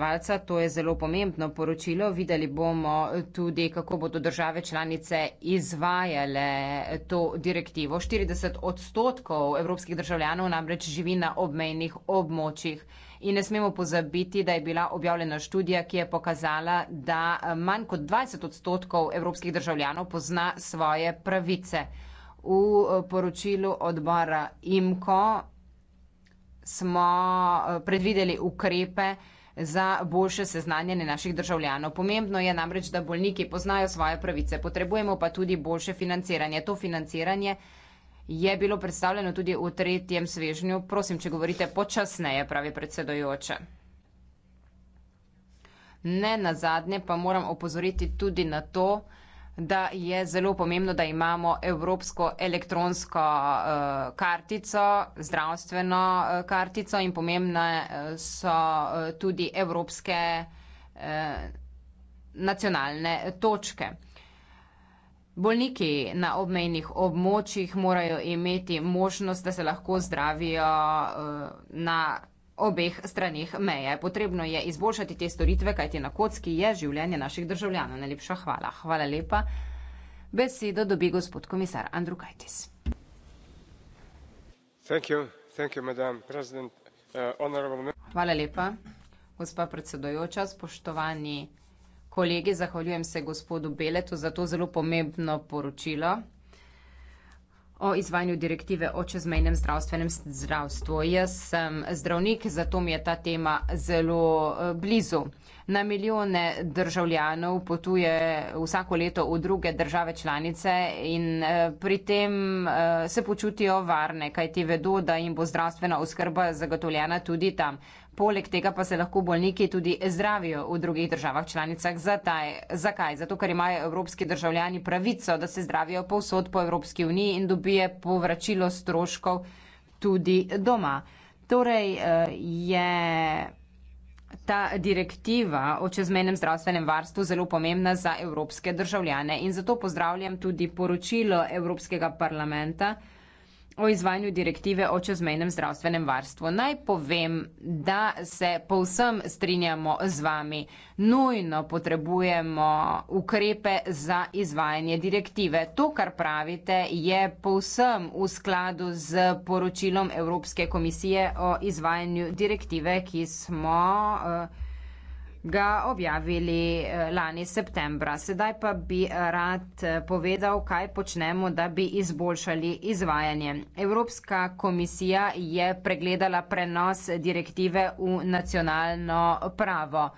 predsedovalca, to je zelo pomembno poročilo. Videli bomo tudi, kako bodo države članice izvajale to direktivo. 40 odstotkov evropskih državljanov namreč živi na obmejnih območjih. In ne smemo pozabiti, da je bila objavljena študija, ki je pokazala, da manj kot 20 odstotkov evropskih državljanov pozna svoje pravice. V poročilu odbora IMKO smo predvideli ukrepe, za boljše seznanjanje naših državljanov. Pomembno je namreč, da bolniki poznajo svoje pravice, potrebujemo pa tudi boljše financiranje. To financiranje je bilo predstavljeno tudi v tretjem svežnju. Prosim, če govorite počasneje, pravi predsedojoče. Ne nazadnje pa moram opozoriti tudi na to, da je zelo pomembno, da imamo evropsko elektronsko uh, kartico, zdravstveno uh, kartico in pomembne uh, so uh, tudi evropske uh, nacionalne točke. Bolniki na obmejnih območjih morajo imeti možnost, da se lahko zdravijo uh, na obeh stranih meje. Potrebno je izboljšati te storitve, kajti na kocki je življenje naših državljanov. Najlepša hvala. Hvala lepa. Besedo dobi gospod komisar Andrew Kajtis. Thank you. Thank you, uh, hvala lepa, gospa predsedojoča, spoštovani kolegi. Zahvaljujem se gospodu Beletu za to zelo pomembno poročilo o izvajanju direktive o čezmejnem zdravstvenem zdravstvu. Jaz sem zdravnik, zato mi je ta tema zelo eh, blizu. Na milijone državljanov potuje vsako leto v druge države članice in eh, pri tem eh, se počutijo varne, kaj ti vedo, da jim bo zdravstvena oskrba zagotovljena tudi tam. Poleg tega pa se lahko bolniki tudi zdravijo v drugih državah članicah. Zataj, zakaj? Zato, ker imajo evropski državljani pravico, da se zdravijo povsod po Evropski uniji in dobije povračilo stroškov tudi doma. Torej eh, je ta direktiva o čezmenem zdravstvenem varstvu zelo pomembna za evropske državljane in zato pozdravljam tudi poročilo Evropskega parlamenta, o izvajanju direktive o čezmejnem zdravstvenem varstvu. Naj povem, da se povsem strinjamo z vami. Nujno potrebujemo ukrepe za izvajanje direktive. To, kar pravite, je povsem v skladu z poročilom Evropske komisije o izvajanju direktive, ki smo. Uh, ga objavili eh, lani septembra. Sedaj pa bi eh, rad eh, povedal, kaj počnemo, da bi izboljšali izvajanje. Evropska komisija je pregledala prenos direktive v nacionalno pravo.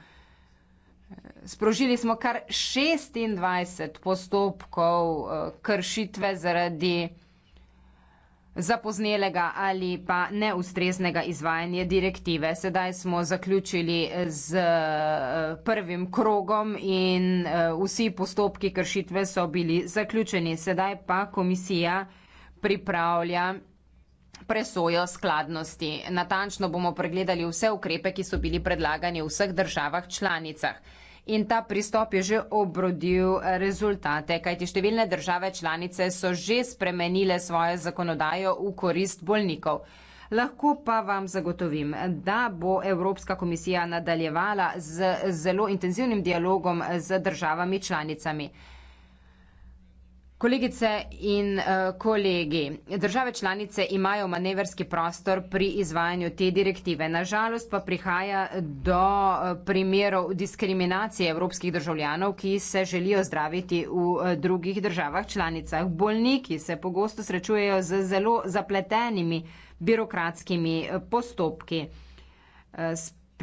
Sprožili smo kar 26 postopkov kršitve zaradi zapoznelega ali pa neustreznega izvajanja direktive. Sedaj smo zaključili z eh, prvim krogom in eh, vsi postopki kršitve so bili zaključeni. Sedaj pa komisija pripravlja presojo skladnosti. Natančno bomo pregledali vse ukrepe, ki so bili predlagani v vseh državah članicah in ta pristop je že obrodil rezultate, kajti številne države članice so že spremenile svojo zakonodajo v korist bolnikov. Lahko pa vam zagotovim, da bo Evropska komisija nadaljevala z zelo intenzivnim dialogom z državami članicami. Kolegice in uh, kolegi, države članice imajo manevrski prostor pri izvajanju te direktive. Nažalost pa prihaja do uh, primerov diskriminacije evropskih državljanov, ki se želijo zdraviti v uh, drugih državah članicah. Bolniki se pogosto srečujejo z zelo zapletenimi birokratskimi uh, postopki. Uh,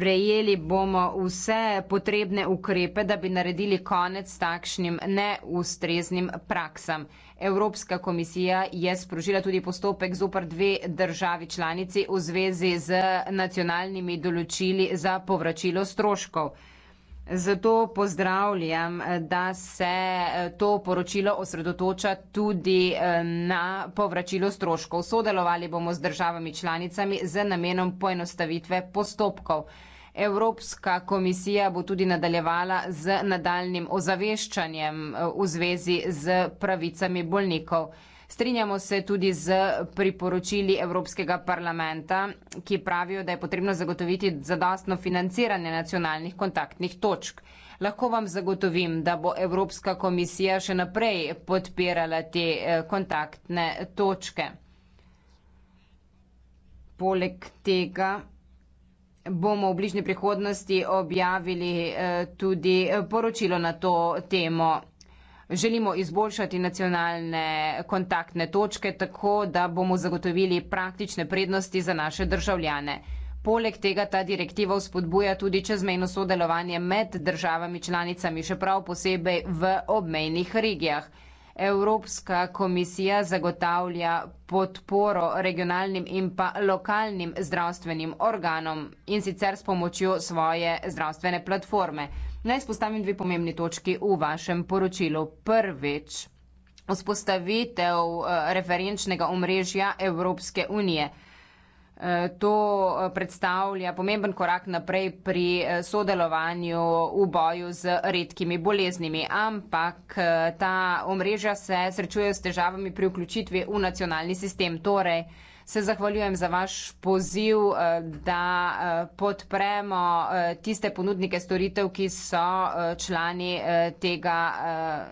Prejeli bomo vse potrebne ukrepe, da bi naredili konec takšnim neustreznim praksam. Evropska komisija je sprožila tudi postopek zoper dve državi članici v zvezi z nacionalnimi določili za povračilo stroškov. Zato pozdravljam, da se eh, to poročilo osredotoča tudi eh, na povračilo stroškov. Sodelovali bomo z državami članicami z namenom poenostavitve postopkov. Evropska komisija bo tudi nadaljevala z nadaljnim ozaveščanjem eh, v zvezi z pravicami bolnikov. Strinjamo se tudi z priporočili Evropskega parlamenta, ki pravijo, da je potrebno zagotoviti zadostno financiranje nacionalnih kontaktnih točk. Lahko vam zagotovim, da bo Evropska komisija še naprej podpirala te eh, kontaktne točke. Poleg tega bomo v bližnji prihodnosti objavili eh, tudi eh, poročilo na to temo. Želimo izboljšati nacionalne kontaktne točke tako, da bomo zagotovili praktične prednosti za naše državljane. Poleg tega ta direktiva vzpodbuja tudi čezmejno sodelovanje med državami članicami, še prav posebej v obmejnih regijah. Evropska komisija zagotavlja podporo regionalnim in pa lokalnim zdravstvenim organom in sicer s pomočjo svoje zdravstvene platforme. Naj spostavim dve pomembni točki v vašem poročilu. Prvič, vzpostavitev eh, referenčnega omrežja Evropske unije. To eh, predstavlja pomemben korak naprej pri eh, sodelovanju v boju z redkimi boleznimi, ampak eh, ta omrežja se srečujejo s težavami pri vključitvi v nacionalni sistem. Torej, Se zahvaljujem za vaš poziv, da podpremo tiste ponudnike storitev, ki so člani tega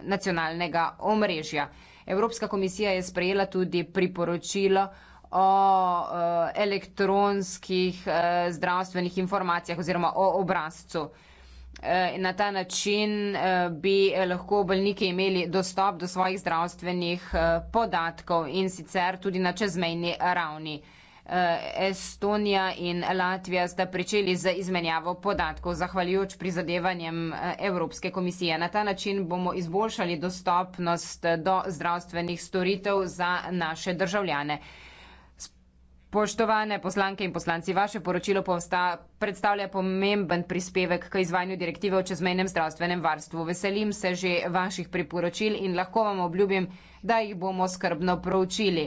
nacionalnega omrežja. Evropska komisija je sprejela tudi priporočilo, o uh, elektronskih uh, zdravstvenih informacijah oziroma o obrazcu. Eh, in na ta način bi lahko bolniki imeli dostop do svojih zdravstvenih podatkov in sicer tudi na čezmejni ravni. Estonija in Latvija sta pričeli z izmenjavo podatkov, zahvaljujoč prizadevanjem Evropske komisije. Na ta način bomo izboljšali dostopnost do zdravstvenih storitev za naše državljane. Poštovane poslanke in poslanci, vaše poročilo posta, predstavlja pomemben prispevek k izvajanju direktive o čezmejnem zdravstvenem varstvu. Veselim se že vaših priporočil in lahko vam obljubim, da jih bomo skrbno proučili.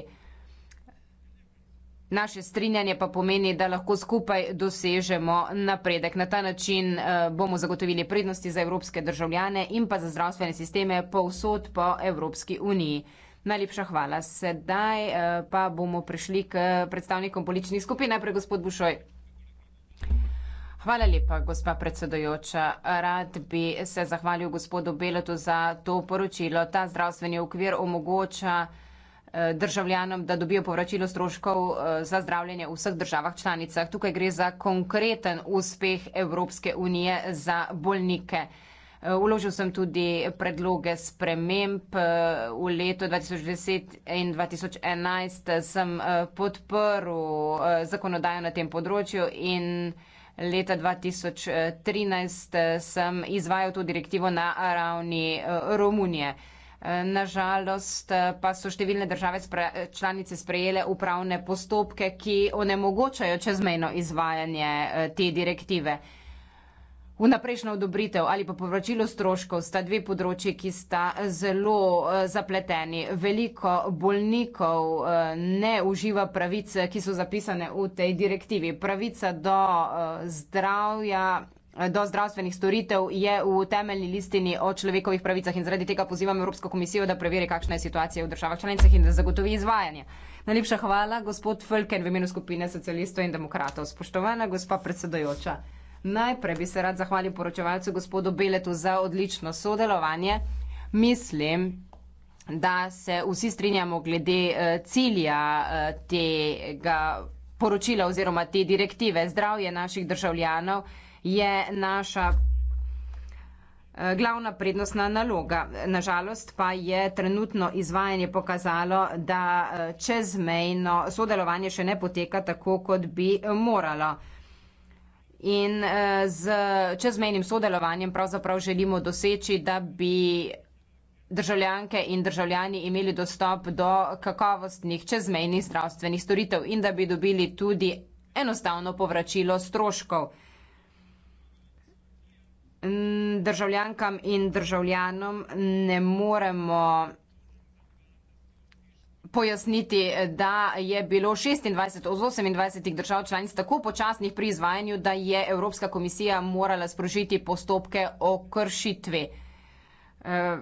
Naše strinjanje pa pomeni, da lahko skupaj dosežemo napredek. Na ta način eh, bomo zagotovili prednosti za evropske državljane in pa za zdravstvene sisteme povsod po Evropski uniji. Najlepša hvala. Sedaj eh, pa bomo prišli k predstavnikom političnih skupin. Najprej gospod Bušoj. Hvala lepa, gospa predsedojoča. Rad bi se zahvalil gospodu Beletu za to poročilo. Ta zdravstveni okvir omogoča eh, državljanom, da dobijo povračilo stroškov eh, za zdravljenje v vseh državah članicah. Tukaj gre za konkreten uspeh Evropske unije za bolnike. Uložil sem tudi predloge sprememb eh, v letu 2010 in 2011. Sem eh, podprl eh, zakonodajo na tem področju in leta 2013 sem izvajal to direktivo na ravni Romunije. Nažalost pa so številne države članice sprejele upravne postopke, ki onemogočajo čezmejno izvajanje te direktive. Vnaprejšnja odobritev ali pa povračilo stroškov sta dve področji, ki sta zelo eh, zapleteni. Veliko bolnikov eh, ne uživa pravice, eh, ki so zapisane v tej direktivi. Pravica do zdravja do zdravstvenih storitev je v temeljni listini o človekovih pravicah in zaradi tega pozivam Evropsko komisijo, da preveri, kakšna je situacija v državah članicah in da zagotovi izvajanje. Najlepša hvala, gospod Fölken, v imenu skupine socialistov in demokratov. Spoštovana gospa predsedojoča. Najprej bi se rad zahvalil poročevalcu gospodu Beletu za odlično sodelovanje. Mislim, da se vsi strinjamo glede eh, cilja eh, tega poročila oziroma te direktive. Zdravje naših državljanov je naša eh, glavna prednostna naloga. Nažalost pa je trenutno izvajanje pokazalo, da čezmejno sodelovanje še ne poteka tako, kot bi moralo in uh, z čezmejnim sodelovanjem pravzaprav želimo doseči, da bi državljanke in državljani imeli dostop do kakovostnih čezmejnih zdravstvenih storitev in da bi dobili tudi enostavno povračilo stroškov mm, državljankam in državljanom ne moremo pojasniti, da je bilo 26 od 28 držav članic tako počasnih pri izvajanju, da je Evropska komisija morala sprožiti postopke o kršitvi. Eh,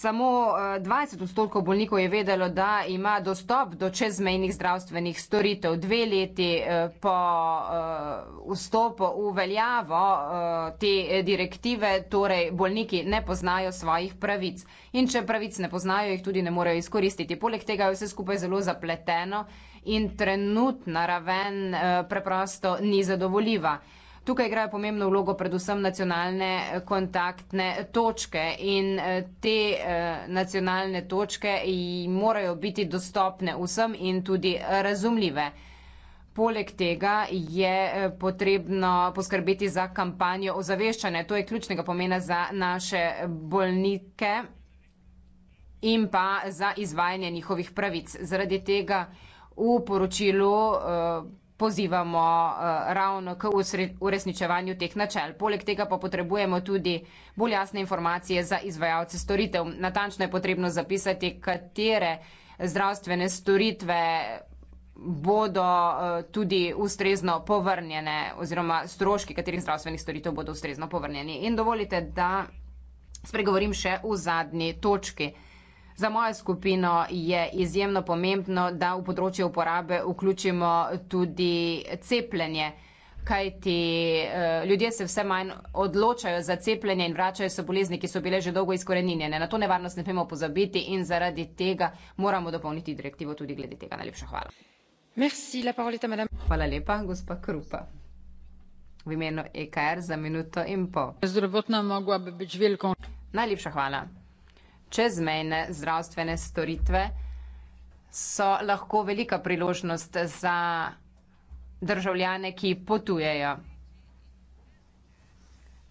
samo 20 eh, odstotkov bolnikov je vedelo, da ima dostop do čezmejnih zdravstvenih storitev. Dve leti eh, po eh, vstopu v veljavo te direktive, torej bolniki ne poznajo svojih pravic. In če pravic ne poznajo, jih tudi ne morejo izkoristiti. Poleg tega je vse skupaj zelo zapleteno in trenutna raven preprosto ni zadovoljiva. Tukaj igrajo pomembno vlogo predvsem nacionalne eh, kontaktne točke in eh, te eh, nacionalne točke morajo biti dostopne vsem in tudi razumljive. Poleg tega je potrebno poskrbeti za kampanjo ozaveščanja. To je ključnega pomena za naše bolnike in pa za izvajanje njihovih pravic. Zaradi tega v poročilu pozivamo eh, ravno k uresničevanju teh načel. Poleg tega pa potrebujemo tudi bolj jasne informacije za izvajalce storitev. Natančno je potrebno zapisati, katere zdravstvene storitve bodo eh, tudi ustrezno povrnjene oziroma stroški katerih zdravstvenih storitev bodo ustrezno povrnjeni. In dovolite, da spregovorim še v zadnji točki. Za mojo skupino je izjemno pomembno, da v področje uporabe vključimo tudi cepljenje, kajti eh, ljudje se vse manj odločajo za cepljenje in vračajo se bolezni, ki so bile že dolgo izkoreninjene. Na to nevarnost ne smemo pozabiti in zaradi tega moramo dopolniti direktivo tudi glede tega. Najlepša hvala. Merci, la parole est à madame. Hvala lepa, gospa Krupa. V imenu EKR za minuto in pol. Zdravotna mogla bi biti veliko. Najlepša hvala čezmejne zdravstvene storitve so lahko velika priložnost za državljane, ki potujejo.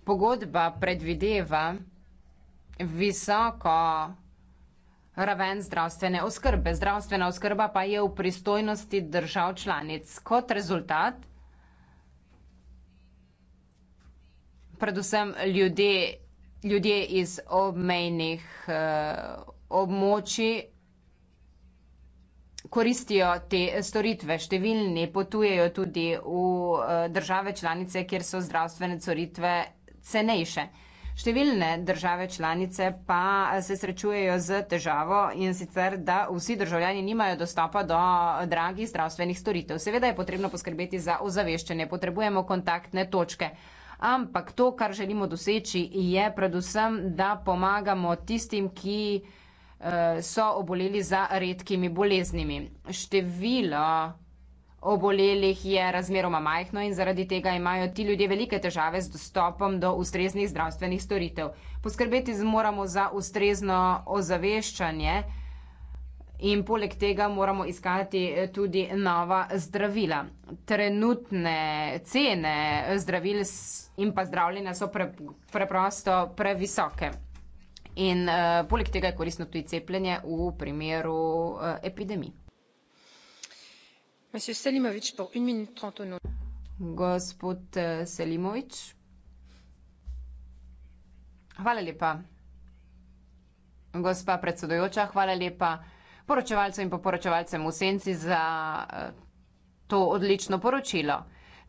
Pogodba predvideva visoko raven zdravstvene oskrbe. Zdravstvena oskrba pa je v pristojnosti držav članic. Kot rezultat, predvsem ljudje ljudje iz obmejnih eh, območij koristijo te storitve. Številni potujejo tudi v eh, države članice, kjer so zdravstvene storitve cenejše. Številne države članice pa se srečujejo z težavo in sicer, da vsi državljani nimajo dostopa do dragih zdravstvenih storitev. Seveda je potrebno poskrbeti za ozaveščanje, potrebujemo kontaktne točke ampak to, kar želimo doseči, je predvsem, da pomagamo tistim, ki eh, so oboleli za redkimi boleznimi. Število obolelih je razmeroma majhno in zaradi tega imajo ti ljudje velike težave z dostopom do ustreznih zdravstvenih storitev. Poskrbeti moramo za ustrezno ozaveščanje in poleg tega moramo iskati eh, tudi nova zdravila. Trenutne cene zdravil so in pa zdravljenja so pre, preprosto previsoke. In uh, poleg tega je koristno tudi cepljenje v primeru uh, epidemij. Selimovič, Gospod eh, Selimovič. Hvala lepa. Gospa predsedojoča, hvala lepa poročevalcem in poročevalcem v senci za uh, to odlično poročilo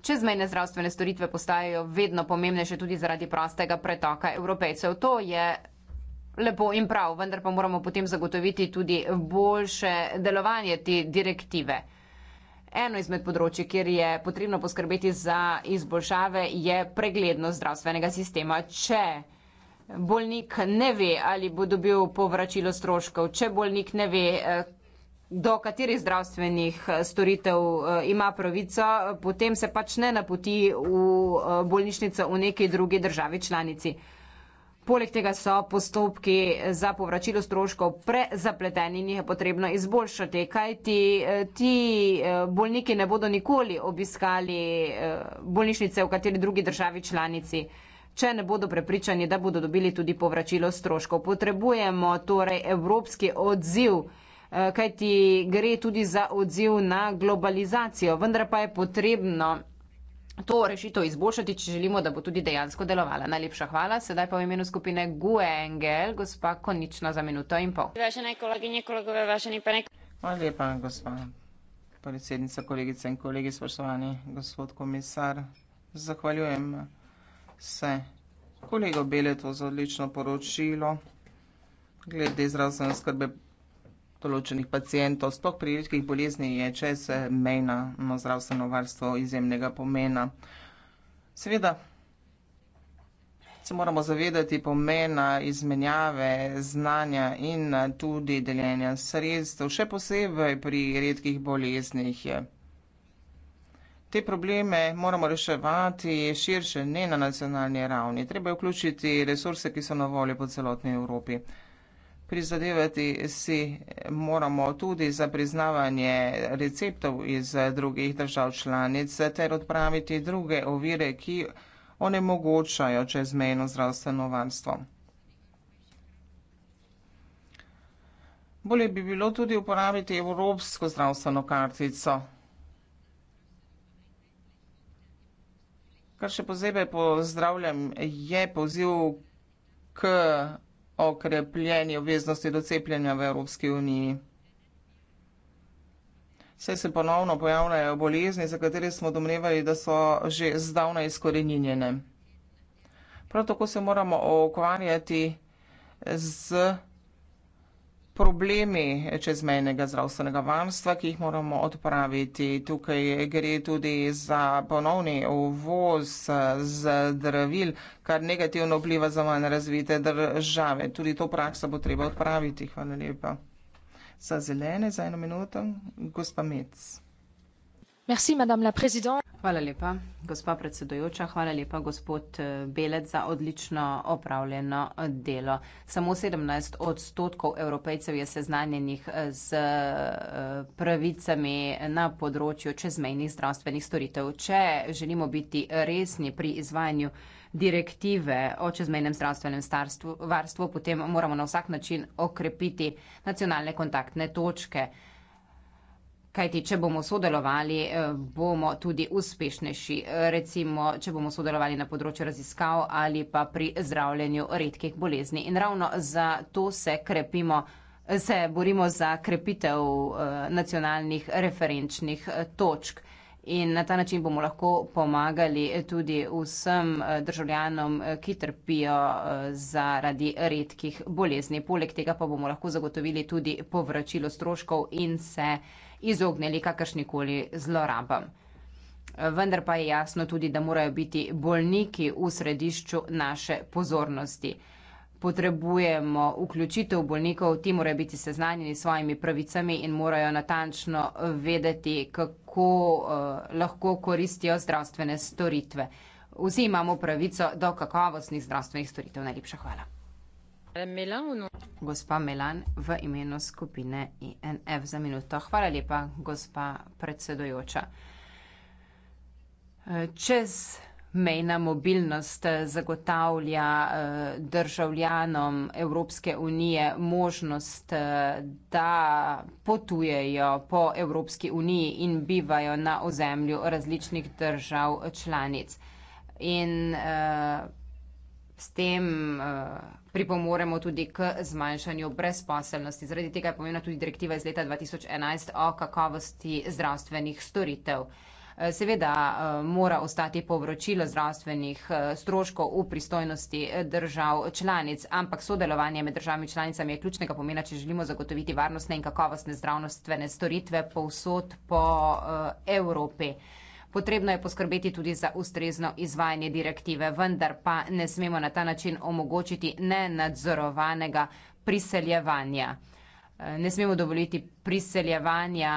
čezmejne zdravstvene storitve postajajo vedno pomembnejše tudi zaradi prostega pretoka evropejcev. To je lepo in prav, vendar pa moramo potem zagotoviti tudi boljše delovanje te direktive. Eno izmed področji, kjer je potrebno poskrbeti za izboljšave, je preglednost zdravstvenega sistema. Če bolnik ne ve, ali bo dobil povračilo stroškov, če bolnik ne ve, do katerih zdravstvenih eh, storitev eh, ima pravico, eh, potem se pač ne napoti v bolnišnico v neki drugi državi članici. Poleg tega so postopki za povračilo stroškov prezapleteni in jih je potrebno izboljšati, kaj ti, ti bolniki ne bodo nikoli obiskali bolnišnice v kateri drugi državi članici, če ne bodo prepričani, da bodo dobili tudi povračilo stroškov. Potrebujemo torej evropski odziv. Eh, kajti gre tudi za odziv na globalizacijo, vendar pa je potrebno to rešitev izboljšati, če želimo, da bo tudi dejansko delovala. Najlepša hvala. Sedaj pa v imenu skupine GUE NGL, gospa Konična za minuto in pol. Vašene kolegine, kolegove, vašeni pa nek... Hvala lepa, gospa predsednica, kolegice in kolegi, spoštovani gospod komisar. Zahvaljujem se kolego Beleto za odlično poročilo glede zdravstvene skrbe določenih pacijentov, sploh pri redkih boleznih, je čez mejna no, zdravstveno varstvo izjemnega pomena. Seveda se moramo zavedati pomena izmenjave znanja in tudi deljenja sredstev, še posebej pri redkih boleznih. Te probleme moramo reševati širše, ne na nacionalni ravni. Treba je vključiti resurse, ki so na voljo po celotni Evropi. Prizadevati si moramo tudi za priznavanje receptov iz drugih držav članic ter odpraviti druge ovire, ki onemogočajo čezmejno zdravstveno varstvo. Bolje bi bilo tudi uporabiti evropsko zdravstveno kartico. Kar še posebej pozdravljam, je poziv k o krepljenju obveznosti do cepljenja v Evropski uniji. Vse se ponovno pojavljajo bolezni, za katere smo domnevali, da so že zdavna izkorenjenjene. Prav tako se moramo okvarjati z vsemi problemi čezmejnega zdravstvenega varstva, ki jih moramo odpraviti. Tukaj gre tudi za ponovni uvoz zdravil, kar negativno vpliva za manj razvite države. Tudi to prakso bo treba odpraviti. Hvala lepa. Za zelene, za eno minuto, gospa Mec. Merci, madame la président. Hvala lepa, gospa predsedojoča, hvala lepa, gospod eh, Belec, za odlično opravljeno eh, delo. Samo 17 odstotkov evropejcev je seznanjenih eh, z pravicami na področju čezmejnih zdravstvenih storitev. Če želimo biti resni pri izvajanju direktive o čezmejnem zdravstvenem varstvu, potem moramo na vsak način okrepiti nacionalne kontaktne točke. Kajti, če bomo sodelovali, eh, bomo tudi uspešnejši. Recimo, če bomo sodelovali na področju raziskav ali pa pri zdravljenju redkih bolezni. In ravno za to se krepimo. Se borimo za krepitev eh, nacionalnih referenčnih eh, točk in na ta način bomo lahko pomagali tudi vsem državljanom, ki trpijo zaradi redkih bolezni. Poleg tega pa bomo lahko zagotovili tudi povračilo stroškov in se izognili kakršnikoli zlorabam. Vendar pa je jasno tudi, da morajo biti bolniki v središču naše pozornosti. Potrebujemo vključitev bolnikov, ti morajo biti seznanjeni s svojimi pravicami in morajo natančno vedeti, kako eh, lahko koristijo zdravstvene storitve. Vsi imamo pravico do kakovostnih zdravstvenih storitev. Najlepša hvala. Gospa Melan v imenu skupine INF e za minuto. Hvala lepa, gospa predsedojoča. Čez mejna mobilnost eh, zagotavlja eh, državljanom Evropske unije možnost, eh, da potujejo po Evropski uniji in bivajo na ozemlju različnih držav članic. In uh, S tem uh, pripomoremo tudi k zmanjšanju brezposelnosti. Zaradi tega je pomembna tudi direktiva iz leta 2011 o kakovosti zdravstvenih storitev. Eh, seveda eh, mora ostati povročilo zdravstvenih stroškov v pristojnosti držav članic, ampak sodelovanje med državami članicami je ključnega pomena, če želimo zagotoviti varnostne in kakovostne zdravstvene storitve povsod po Evropi. Potrebno je poskrbeti tudi za ustrezno izvajanje direktive, vendar pa ne smemo na ta način omogočiti nenadzorovanega priseljevanja. Eh, ne smemo dovoliti priseljevanja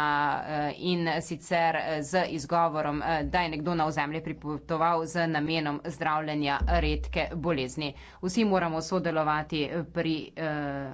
eh, in sicer eh, z izgovorom, da je nekdo na ozemlje pripotoval z namenom zdravljenja redke bolezni. Vsi moramo sodelovati pri. Eh,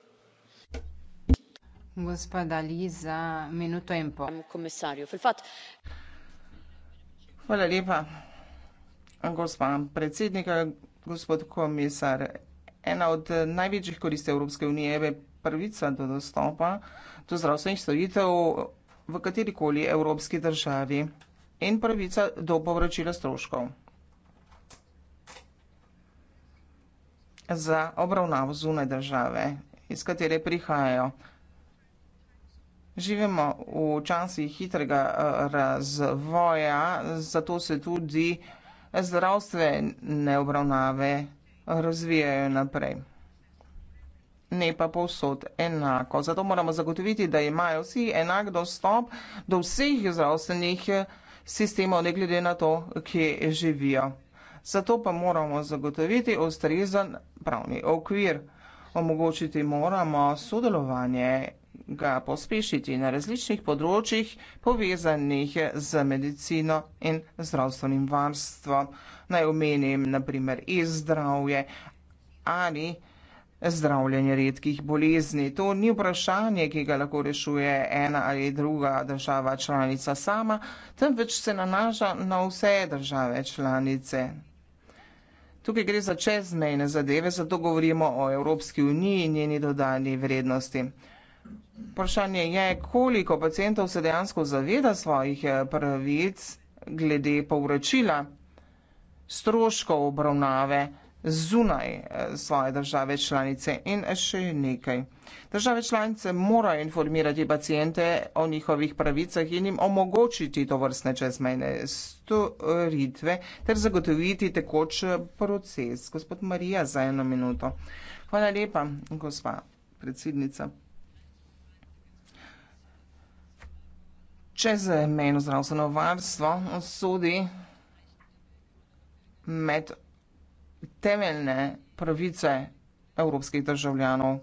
gospa predsednica, gospod komisar. Ena od največjih koristi Evropske unije je pravica do dostopa do zdravstvenih storitev v katerikoli evropski državi in pravica do povračila stroškov za obravnavo zunaj države, iz katere prihajajo. Živimo v časih hitrega eh, razvoja, zato se tudi zdravstvene obravnave razvijajo naprej. Ne pa povsod enako. Zato moramo zagotoviti, da imajo vsi enak dostop do vseh zdravstvenih eh, sistemov, ne glede na to, kje živijo. Zato pa moramo zagotoviti ustrezen pravni okvir. Omogočiti moramo sodelovanje ga pospešiti na različnih področjih povezanih z medicino in zdravstvenim varstvom. Naj omenim naprimer e-zdravje ali zdravljenje redkih bolezni. To ni vprašanje, ki ga lahko rešuje ena ali druga država članica sama, temveč se nanaša na vse države članice. Tukaj gre za čezmejne zadeve, zato govorimo o Evropski uniji in njeni dodani vrednosti. Vprašanje je, koliko pacijentov se dejansko zaveda svojih eh, pravic glede povračila stroškov obravnave zunaj eh, svoje države članice in še nekaj. Države članice morajo informirati pacijente o njihovih pravicah in jim omogočiti to vrstne čezmejne storitve ter zagotoviti tekoč eh, proces. Gospod Marija, za eno minuto. Hvala lepa, gospa predsednica. Če za meno zdravstveno varstvo sodi med temeljne pravice evropskih državljanov,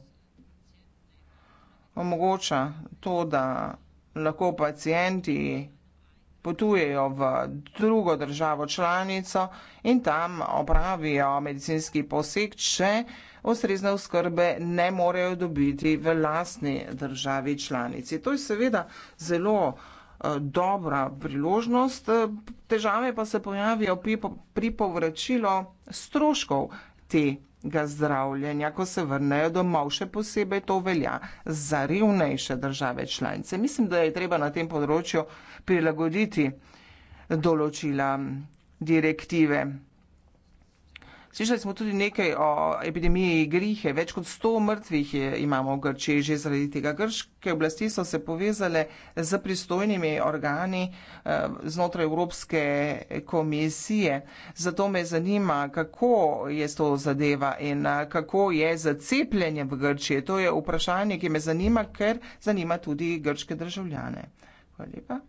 omogoča to, da lahko pacijenti potujejo v drugo državo članico in tam opravijo medicinski poseg, če ustrezne oskrbe ne morejo dobiti v lastni državi članici. To je seveda zelo. Eh, dobra priložnost, težave pa se pojavijo pri, pri povračilu stroškov tega zdravljenja, ko se vrnejo domov. Še posebej to velja za revnejše države članice. Mislim, da je treba na tem področju prilagoditi določila direktive. Slišali smo tudi nekaj o epidemiji grihe. Več kot 100 mrtvih je, imamo v Grčiji že zaradi tega. Grške oblasti so se povezale z pristojnimi organi eh, znotraj Evropske komisije. Zato me zanima, kako je to zadeva in eh, kako je zacepljenje v Grčiji. To je vprašanje, ki me zanima, ker zanima tudi grške državljane. Hvala lepa.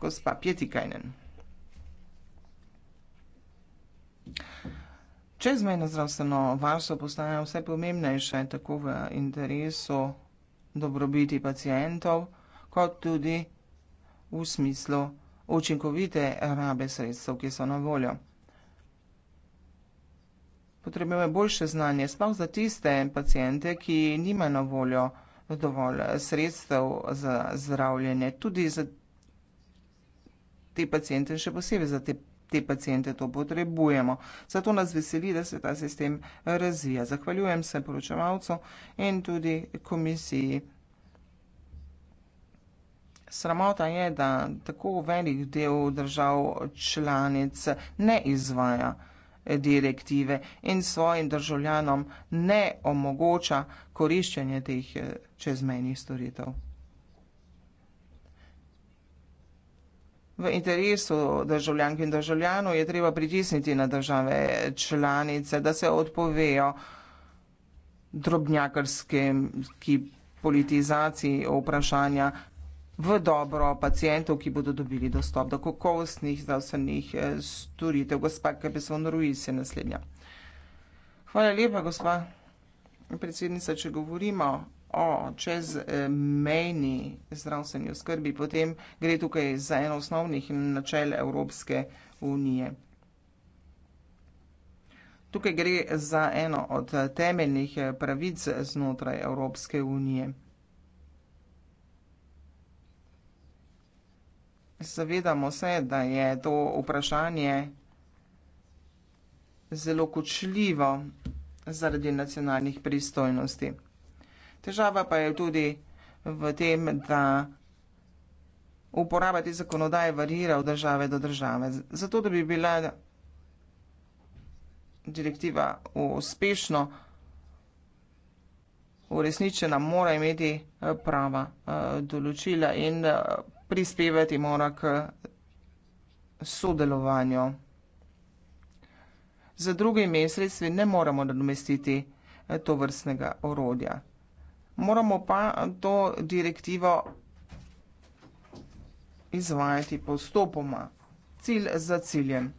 gospa Pietikainen. Čezmejno zdravstveno varstvo postaja vse pomembnejše tako v interesu dobrobiti pacijentov, kot tudi v smislu učinkovite rabe sredstev, ki so na voljo. Potrebujemo boljše znanje, sploh za tiste pacijente, ki nimajo na voljo dovolj sredstev za zdravljenje, tudi za te pacijente in še posebej za te, te pacijente to potrebujemo. Zato nas veseli, da se ta sistem razvija. Zahvaljujem se poročevalcu in tudi komisiji. Sramota je, da tako velik del držav članic ne izvaja direktive in svojim državljanom ne omogoča koriščenje teh eh, čezmenjih storitev. V interesu državljank in državljanov je treba pritisniti na države članice, da se odpovejo drobnjakarski politizaciji vprašanja v dobro pacijentov, ki bodo dobili dostop do kakovostnih zdravstvenih eh, storitev. Gospa Kebeson Ruiz je naslednja. Hvala lepa, gospa predsednica, če govorimo o, čez mejni zdravstveni oskrbi, potem gre tukaj za eno osnovnih načel Evropske unije. Tukaj gre za eno od temeljnih pravic znotraj Evropske unije. Zavedamo se, da je to vprašanje zelo kočljivo zaradi nacionalnih pristojnosti. Težava pa je tudi v tem, da uporaba te zakonodaje varira od države do države. Zato, da bi bila direktiva uspešno uresničena, mora imeti eh, prava eh, določila in eh, prispevati mora k sodelovanju. Za drugi mesec ne moremo nadomestiti to vrstnega orodja moramo pa to direktivo izvajati postopoma, cilj za ciljem.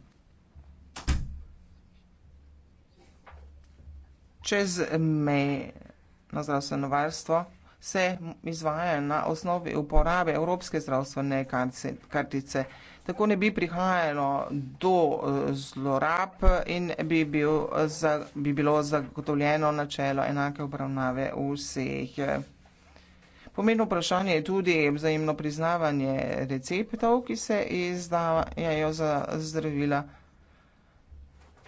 Čez mej na zdravstveno varstvo se izvaja na osnovi uporabe evropske zdravstvene kartice tako ne bi prihajalo do eh, zlorab in bi, bil, bi bilo zagotovljeno načelo enake obravnave vseh. Pomembno vprašanje je tudi vzajemno priznavanje receptov, ki se izdajajo za zdravila.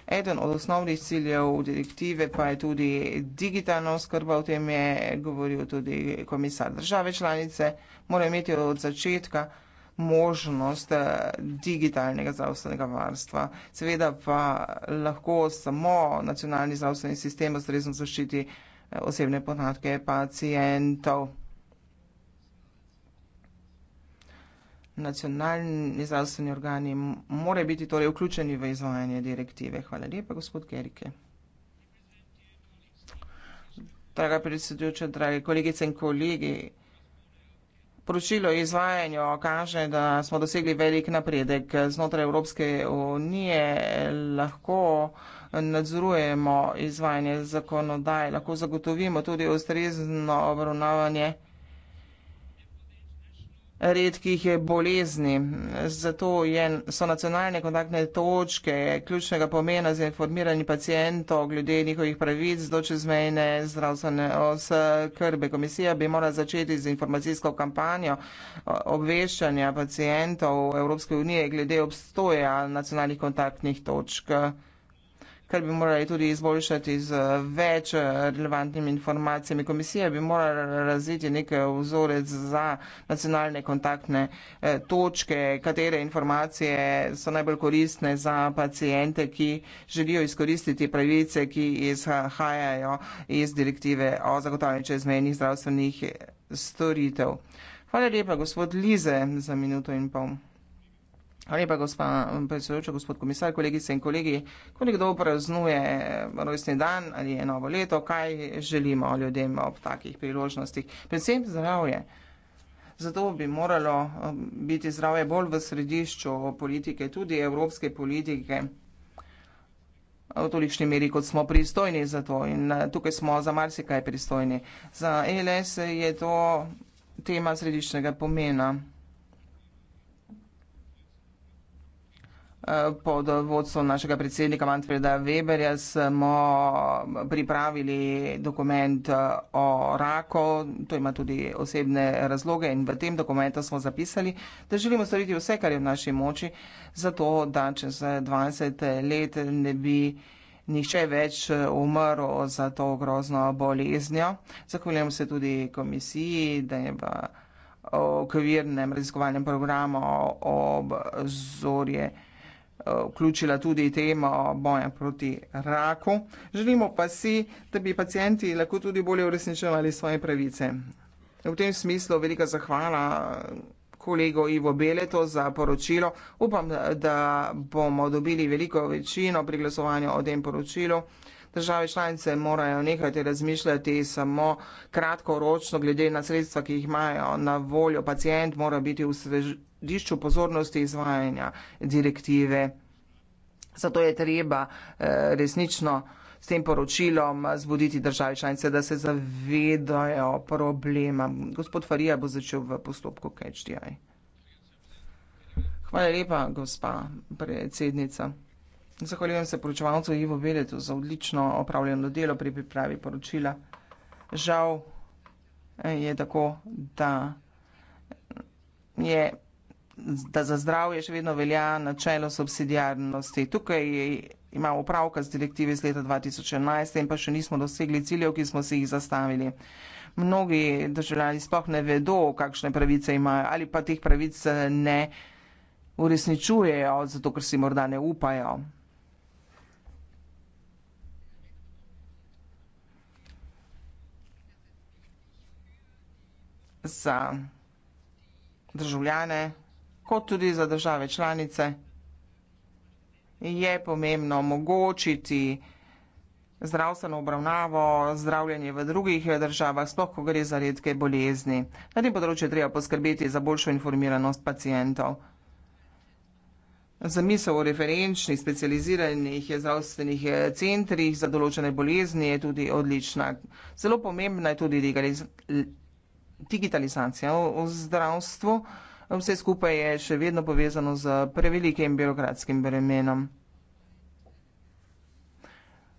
Eden od osnovnih ciljev direktive pa je tudi digitalna oskrba, o tem je govoril tudi komisar države članice, mora imeti od začetka možnost eh, digitalnega zdravstvenega varstva. Seveda pa lahko samo nacionalni zdravstveni sistem ustrezno zaščiti eh, osebne podatke pacijentov. Nacionalni zdravstveni organi more biti torej vključeni v izvajanje direktive. Hvala lepa, gospod Gerike. Draga predsedujoča, drage kolegice in kolegi. Poročilo o izvajanju kaže, da smo dosegli velik napredek znotraj Evropske unije, lahko nadzorujemo izvajanje zakonodaje, lahko zagotovimo tudi ustrezno obravnavanje redkih bolezni. Zato je, so nacionalne kontaktne točke ključnega pomena za informiranje pacijentov glede njihovih pravic do čezmejne zdravstvene oskrbe. Komisija bi morala začeti z informacijsko kampanjo obveščanja pacijentov Evropske unije glede obstoja nacionalnih kontaktnih točk kar bi morali tudi izboljšati z več eh, relevantnimi informacijami. Komisija bi morala razviti nekaj vzorec za nacionalne kontaktne eh, točke, katere informacije so najbolj koristne za pacijente, ki želijo izkoristiti pravice, ki izhajajo iz direktive o zagotavljanju čezmejnih zdravstvenih storitev. Hvala lepa, gospod Lize, za minuto in pol. Hvala lepa, gospa eh, predsedujoča, gospod komisar, kolegice in kolegi. Ko nekdo praznuje rojstni dan ali je novo leto, kaj želimo ljudem ob takih priložnostih? Predvsem zdravje. Zato bi moralo eh, biti zdravje bolj v središču politike, tudi evropske politike, v tolikšni meri, kot smo pristojni za to. In eh, tukaj smo za marsikaj pristojni. Za ELS je to tema središčnega pomena. pod vodstvom našega predsednika Manfreda Weberja smo pripravili dokument eh, o raku, to ima tudi osebne razloge in v tem dokumentu smo zapisali, da želimo storiti vse, kar je v naši moči, zato da čez 20 let ne bi nihče več eh, umrl za to grozno boleznjo. Zahvaljujem se tudi komisiji, da je v okvirnem raziskovalnem programu ob zorje. Eh, vključila tudi temo boja proti raku. Želimo pa si, da bi pacijenti lahko tudi bolje uresničevali svoje pravice. V tem smislu velika zahvala eh, kolego Ivo Beleto za poročilo. Upam, da bomo dobili veliko večino pri glasovanju o tem poročilu države članice morajo nekajte razmišljati samo kratkoročno glede na sredstva, ki jih imajo na voljo. Pacijent mora biti v središču pozornosti izvajanja direktive. Zato je treba eh, resnično s tem poročilom zbuditi države članice, da se zavedajo problema. Gospod Farija bo začel v postopku KHDI. Hvala lepa, gospa predsednica. Zahvaljujem se poročevalcu Ivo Beletu za odlično opravljeno delo pri pripravi poročila. Žal eh, je tako, da, je, da za zdravje še vedno velja načelo subsidijarnosti. Tukaj imamo upravka z direktivi iz leta 2011 in pa še nismo dosegli ciljev, ki smo si jih zastavili. Mnogi državljani sploh ne vedo, kakšne pravice imajo ali pa teh pravic eh, ne uresničujejo, zato ker si morda ne upajo. za državljane, kot tudi za države članice, je pomembno omogočiti zdravstveno obravnavo, zdravljanje v drugih državah, sploh ko gre za redke bolezni. Na tem področju treba poskrbeti za boljšo informiranost pacijentov. Zamisel o referenčnih specializiranih zdravstvenih eh, centrih za določene bolezni je tudi odlična. Zelo pomembna je tudi legaliz digitalizacija v, v zdravstvu, vse skupaj je še vedno povezano z prevelikim birokratskim bremenom.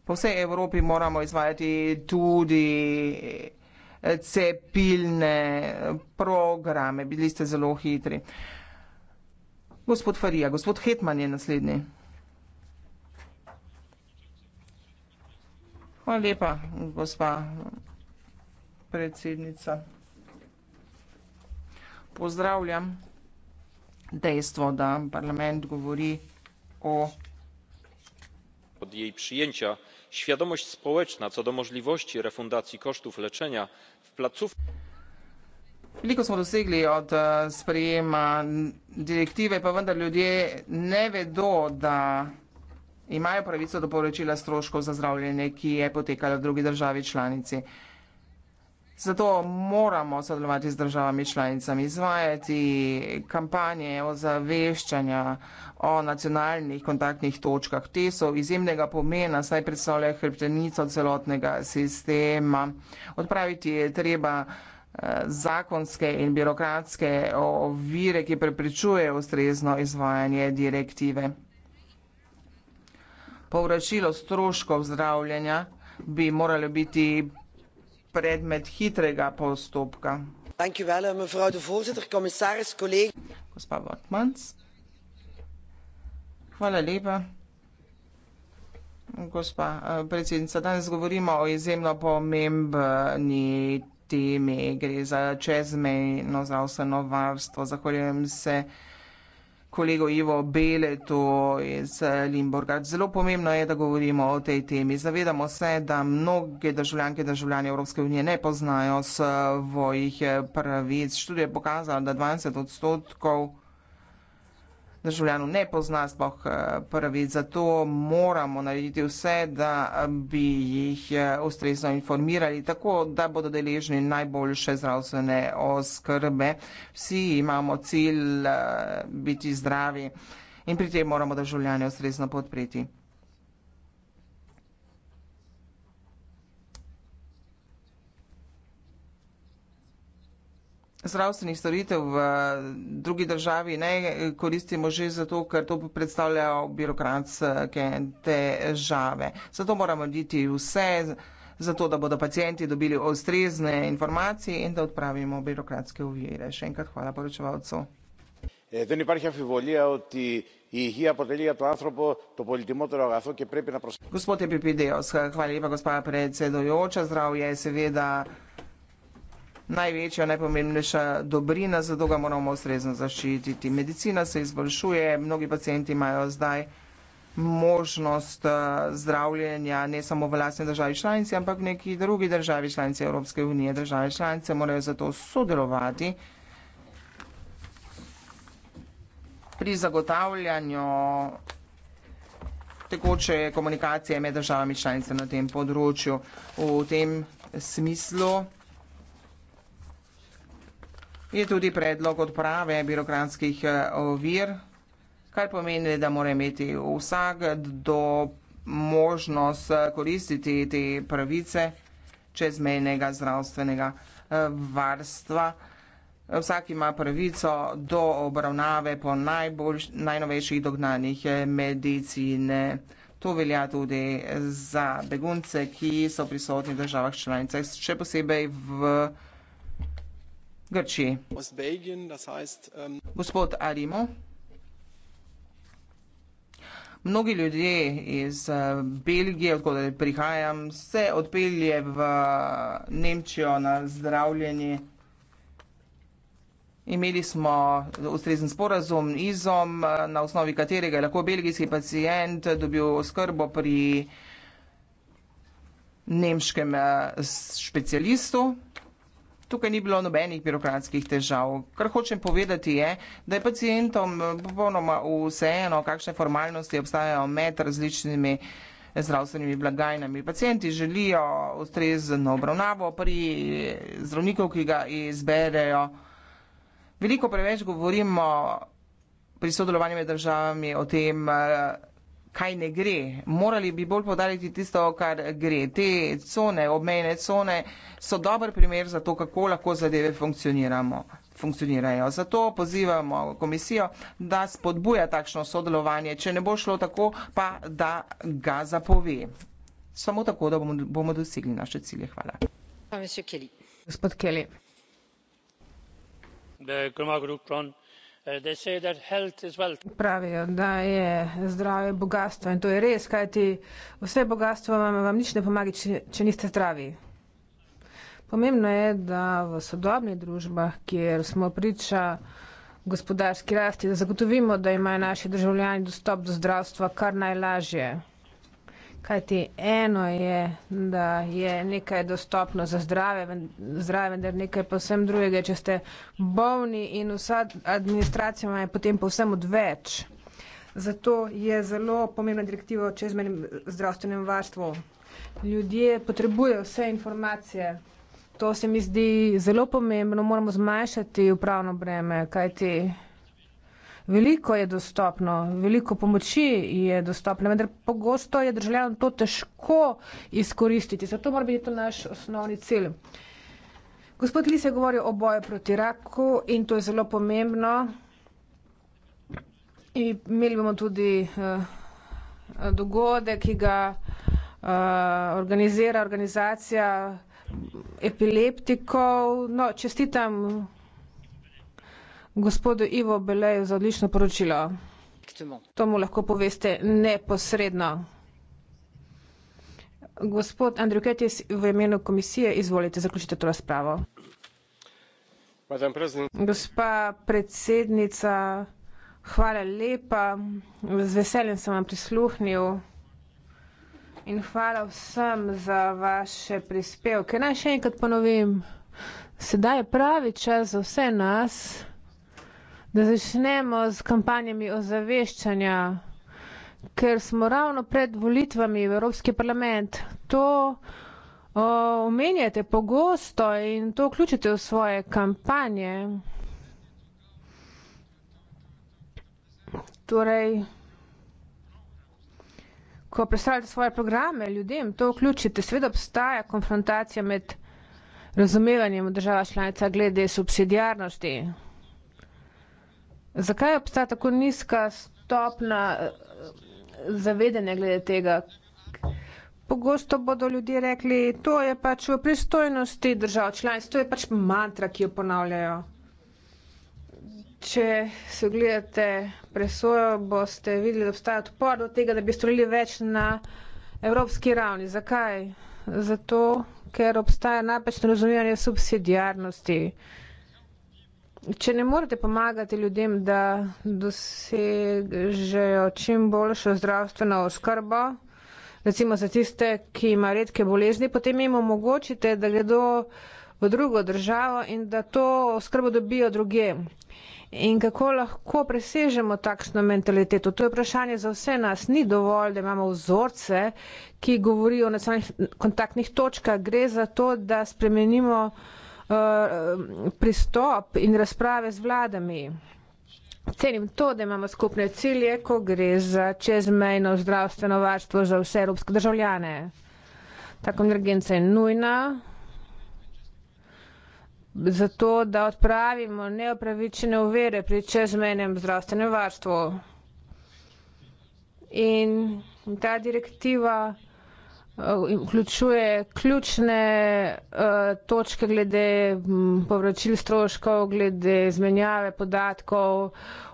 Po vsej Evropi moramo izvajati tudi eh, cepilne programe. Bili ste zelo hitri. Gospod Farija, gospod Hetman je naslednji. Hvala lepa, gospa predsednica pozdravljam dejstvo, da parlament govori o od jej przyjęcia świadomość społeczna co do możliwości refundacji kosztów leczenia w placów Veliko smo dosegli od e, sprejema direktive, pa vendar ljudje ne vedo, da imajo pravico do povračila stroškov za zdravljenje, ki je potekalo v drugi državi članici. Zato moramo sodelovati z državami članicami, izvajati kampanje ozaveščanja o nacionalnih kontaktnih točkah. Te so izjemnega pomena, saj predstavljajo hrbtenico celotnega sistema. Odpraviti je treba eh, zakonske in birokratske ovire, ki preprečujejo ustrezno izvajanje direktive. Povračilo stroškov zdravljenja bi moralo biti predmet hitrega postopka. Dank u wel, eh, mevrouw de voorzitter, commissaris, collega's. Gospa Wortmans. Hvala lepa. Gospa eh, predsednica, danes govorimo o izjemno pomembni temi. Gre za čezmejno zdravstveno varstvo. Zahvaljujem se kolego Ivo Bele, to iz eh, Limburga. Zelo pomembno je, da govorimo o tej temi. Zavedamo se, da mnoge državljanke in državljani Evropske unije ne poznajo svojih eh, pravic. Študija je pokazala, da 20 odstotkov državljanov ne pozna spoh eh, pravic. Zato moramo narediti vse, da eh, bi jih eh, ustrezno informirali, tako da bodo deležni najboljše zdravstvene oskrbe. Vsi imamo cilj biti zdravi in pri tem moramo državljane ustrezno podpreti. zdravstvenih storitev v eh, drugi državi ne koristimo že zato, ker to predstavljajo birokratske težave. Zato moramo biti vse, zato da bodo pacijenti dobili ustrezne informacije in da odpravimo birokratske uvire. Še enkrat hvala poročevalcu. Δεν eh, υπάρχει αμφιβολία ότι η υγεία αποτελεί για τον άνθρωπο το πολυτιμότερο αγαθό και πρέπει να προσέχουμε. Κύριε Πιπίδεο, ευχαριστώ πολύ, κύριε Πρεσβευτή. Ο Ιώτσα, ζdravie, σε βέβαια največja, najpomembnejša dobrina, zato ga moramo ustrezno zaščititi. Medicina se izboljšuje, mnogi pacijenti imajo zdaj možnost eh, zdravljenja ne samo v lasni državi članici, ampak v neki drugi državi članici Evropske unije. Države članice morajo zato sodelovati pri zagotavljanju tekoče komunikacije med državami članice na tem področju. V tem smislu Je tudi predlog odprave birokratskih eh, ovir, kar pomeni, da mora imeti vsak do možnost eh, koristiti te pravice čezmejnega zdravstvenega eh, varstva. Vsak ima pravico do obravnave po najnovejših dognanjih medicine. To velja tudi za begunce, ki so prisotni v državah članicah, še posebej v državah. Grčiji. Ähm, Gospod Arimo, mnogi ljudje iz äh, Belgije, odkud prihajam, se odpelje v Nemčijo na zdravljenje. Imeli smo ustrezen sporazum izom, äh, na osnovi katerega je lahko belgijski pacijent äh, dobil skrbo pri nemškem specialistu tukaj ni bilo nobenih birokratskih težav. Kar hočem povedati je, da je pacijentom popolnoma vseeno, kakšne formalnosti obstajajo med različnimi zdravstvenimi blagajnami. Pacijenti želijo ustrezno obravnavo pri zdravnikov, ki ga izberejo. Veliko preveč govorimo pri sodelovanju med državami o tem, kaj ne gre. Morali bi bolj podariti tisto, kar gre. Te cone, obmejne cone so dober primer za to, kako lahko zadeve funkcioniramo. Funkcionirajo. Zato pozivamo komisijo, da spodbuja takšno sodelovanje, če ne bo šlo tako, pa da ga zapove. Samo tako, da bomo, bomo dosegli naše cilje. Hvala. Gospod Kelly. Gospod Kelly. Uh, pravijo da je zdravje bogatstvo in to je res kajti vse bogatstvo vam, vam nič ne pomaga če, če niste zdravi pomembno je da v sodobnih družbah kjer smo priča gospodarski rasti da zagotovimo da imajo naši državljani dostop do zdravstva kar najlažje Kajti eno je, da je nekaj dostopno za zdrave, zdrave vendar nekaj povsem drugega, če ste bolni in vsa administracija vam je potem povsem odveč. Zato je zelo pomembna direktiva o čezmenem zdravstvenem varstvu. Ljudje potrebujejo vse informacije. To se mi zdi zelo pomembno, moramo zmanjšati upravno breme, kajti veliko je dostopno, veliko pomoči je dostopno, vendar pogosto je državljan to težko izkoristiti. Zato mora biti to naš osnovni cilj. Gospod Lise je govoril o boju proti raku in to je zelo pomembno. In imeli bomo tudi uh, dogodek, ki ga uh, organizira organizacija epileptikov. No, čestitam gospodu ivo beleju za odlično poročilo to mu lahko poveste neposredno gospod andriukaitis v imenu komisije izvolite zaključite to razpravo gospa predsednica hvala lepa z veseljem sem vam prisluhnil in hvala vsem za vaše prispevke naj še enkrat ponovim sedaj je pravi čas za vse nas da začnemo s kampanjami ozaveščanja, ker smo ravno pred volitvami v Evropski parlament. To omenjate pogosto in to vključite v svoje kampanje. Torej, ko predstavljate svoje programe ljudem, to vključite. Sveda obstaja konfrontacija med razumevanjem v država članica glede subsidijarnosti. Zakaj obstaja tako nizka stopna eh, zavedanja glede tega? Pogosto bodo ljudje rekli, to je pač v pristojnosti držav članic, to je pač mantra, ki jo ponavljajo. Če se gledate presojo, boste videli, da obstaja odpor do tega, da bi storili več na evropski ravni. Zakaj? Zato, ker obstaja napačno razumevanje subsidijarnosti. Uh, Če ne morete pomagati ljudem, da dosežejo čim boljšo zdravstveno oskrbo, recimo za tiste, ki ima redke bolezni, potem jim omogočite, da gredo v drugo državo in da to oskrbo dobijo druge. In kako lahko presežemo takšno mentaliteto? To je vprašanje za vse nas. Ni dovolj, da imamo vzorce, ki govorijo o nacionalnih kontaktnih točkah. Gre za to, da spremenimo Eh, pristop in razprave z vladami. Cenim to, da imamo skupne cilje, ko gre za čezmejno zdravstveno varstvo za vse evropske državljane. Ta konvergenca je nujna, zato da odpravimo neopravičene uvere pri čezmejnem zdravstvenem varstvu. In ta direktiva vključuje ključne eh, točke glede povračil stroškov, glede izmenjave podatkov,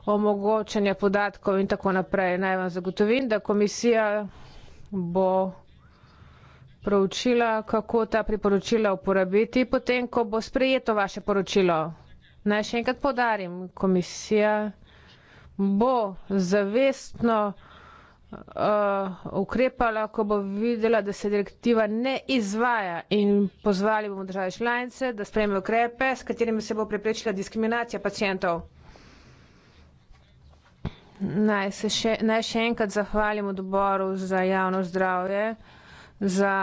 omogočanja podatkov in tako naprej. Naj vam zagotovim, da komisija bo proučila, kako ta priporočila uporabiti, potem, ko bo sprejeto vaše poročilo. Naj še enkrat podarim, komisija bo zavestno vključila Uh, ukrepala, ko bo videla, da se direktiva ne izvaja in pozvali bomo države članice, da sprejme ukrepe, s katerimi se bo preprečila diskriminacija pacijentov. Naj, se še, naj še enkrat zahvalim odboru za javno zdravje, za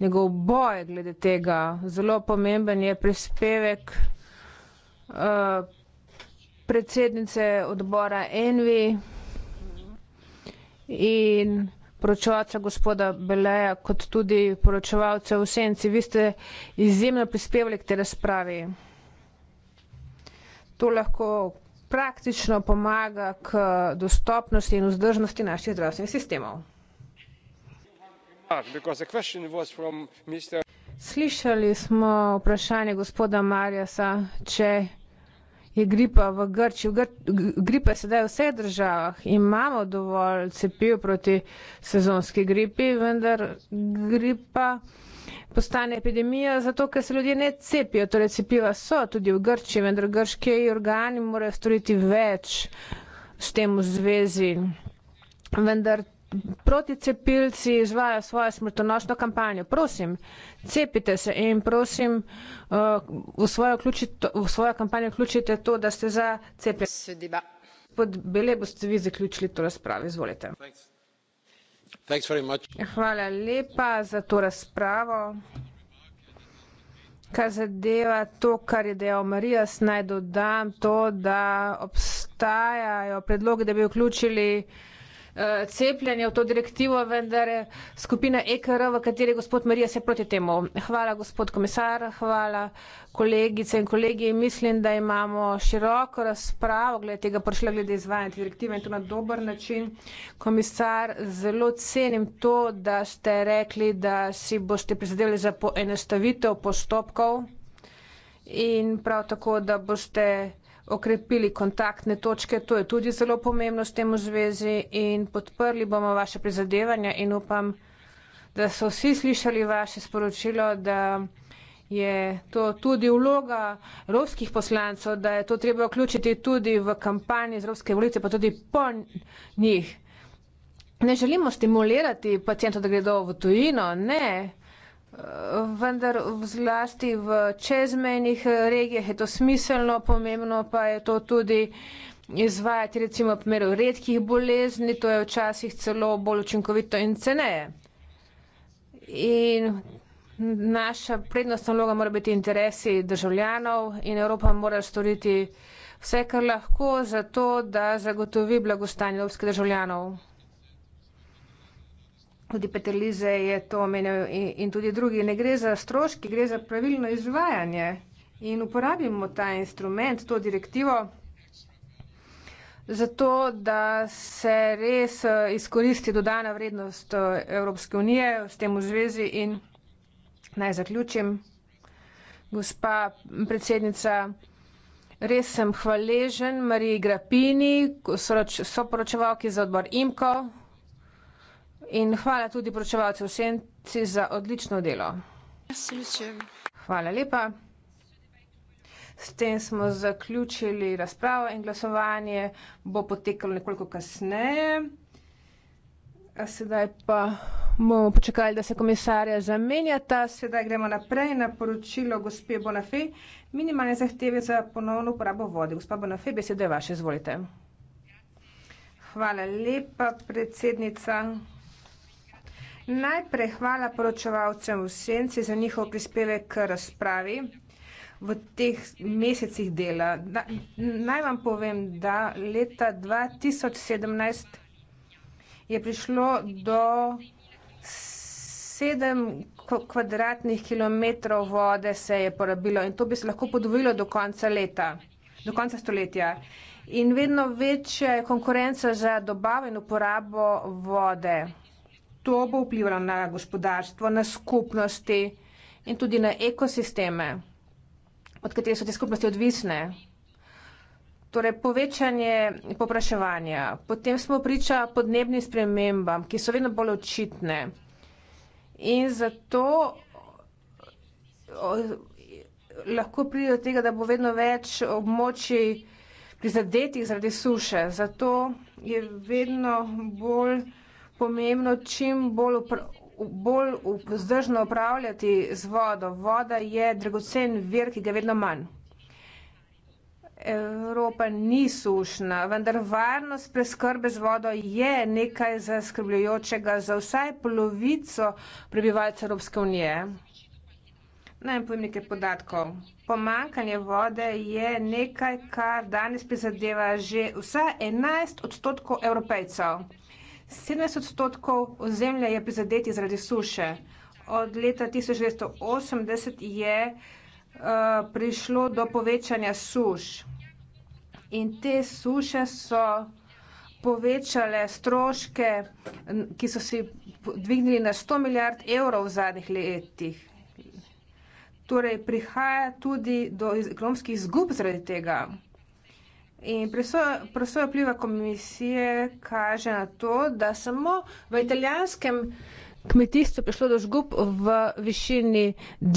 njegov boj glede tega. Zelo pomemben je prispevek uh, predsednice odbora Envi in poročevalca gospoda Beleja, kot tudi poročevalce v senci. Vi ste izjemno prispevali k tej razpravi. To lahko praktično pomaga k dostopnosti in vzdržnosti naših zdravstvenih sistemov. Ah, Slišali smo vprašanje gospoda Marjasa, če je gripa v Grčiji. Gr gripa je sedaj v vseh državah. Imamo dovolj cepiv proti sezonski gripi, vendar gripa postane epidemija zato, ker se ljudje ne cepijo. Torej cepiva so tudi v Grčiji, vendar grški organi morajo storiti več s tem v zvezi. Vendar Proticepilci izvajajo svojo smrtonosno kampanjo. Prosim, cepite se in prosim, uh, v svojo, vključite, v svojo kampanjo vključite to, da ste za cepljenje. Pod Bele boste vi zaključili to razpravo. Izvolite. Thanks. Thanks Hvala lepa za to razpravo. Kar zadeva to, kar je dejal Marija, naj dodam to, da obstajajo predlogi, da bi vključili uh, cepljenje v to direktivo, vendar je skupina EKR, v kateri je gospod Marija, se proti temu. Hvala, gospod komisar, hvala kolegice in kolegi. Mislim, da imamo široko razpravo glede tega prišla, glede izvajanja direktive in to na dober način. Komisar, zelo cenim to, da ste rekli, da si boste prizadevali za poenostavitev postopkov in prav tako, da boste okrepili kontaktne točke, to je tudi zelo pomembno s tem v zvezi in podprli bomo vaše prizadevanja in upam, da so vsi slišali vaše sporočilo, da je to tudi vloga evropskih poslancev, da je to treba vključiti tudi v kampanje z evropske volice, pa tudi po njih. Ne želimo stimulirati pacijentov, da gredo v tujino, ne vendar zlasti v čezmenih regijah je to smiselno, pomembno pa je to tudi izvajati recimo v primeru redkih bolezni, to je včasih celo bolj učinkovito in ceneje. In naša prednostna vloga mora biti interesi državljanov in Evropa mora storiti vse, kar lahko, zato da zagotovi blagostanje evropskih državljanov. Tudi Peter Lize je to omenil in, in tudi drugi. Ne gre za stroški, gre za pravilno izvajanje in uporabimo ta instrument, to direktivo, zato da se res eh, izkoristi dodana vrednost eh, Evropske unije s tem v zvezi in naj zaključim. Gospa predsednica, res sem hvaležen Mariji Grapini, soproč, soporočevalki za odbor IMKO. In hvala tudi pročevalcu v senci za odlično delo. Hvala lepa. S tem smo zaključili razpravo in glasovanje. Bo potekalo nekoliko kasneje. A sedaj pa bomo počakali, da se komisarja zamenjata. Sedaj gremo naprej na poročilo gospe Bonafej. Minimalne zahteve za ponovno uporabo vode. Gospa Bonafej, besede je vaše, izvolite. Hvala lepa, predsednica. Najprej hvala poročevalcem v senci za njihov prispevek k razpravi v teh mesecih dela. Da, naj vam povem, da leta 2017 je prišlo do 7 kvadratnih kilometrov vode se je porabilo in to bi se lahko podvojilo do konca leta, do konca stoletja. In vedno večja je konkurenca za dobavo in uporabo vode. To bo vplivalo na gospodarstvo, na skupnosti in tudi na ekosisteme, od katerih so te skupnosti odvisne. Torej, povečanje popraševanja. Potem smo priča podnebnim spremembam, ki so vedno bolj očitne. In zato lahko pride do tega, da bo vedno več območij prizadetih zaradi suše. Zato je vedno bolj pomembno čim bolj, upra bolj vzdržno upravljati z vodo. Voda je dragocen vir, ki ga vedno manj. Evropa ni sušna, vendar varnost preskrbe z vodo je nekaj zaskrbljujočega za vsaj polovico prebivalcev Evropske unije. Naj vam povem nekaj podatkov. Pomankanje vode je nekaj, kar danes prizadeva že vsa 11 odstotkov evropejcev. 70 odstotkov ozemlja je prizadeti zaradi suše. Od leta 1980 je uh, prišlo do povečanja suš. In te suše so povečale stroške, ki so se dvignili na 100 milijard evrov v zadnjih letih. Torej, prihaja tudi do ekonomskih zgub zaradi tega. In presoja vpliva komisije kaže na to, da samo v italijanskem kmetijstvu prišlo do zgub v višini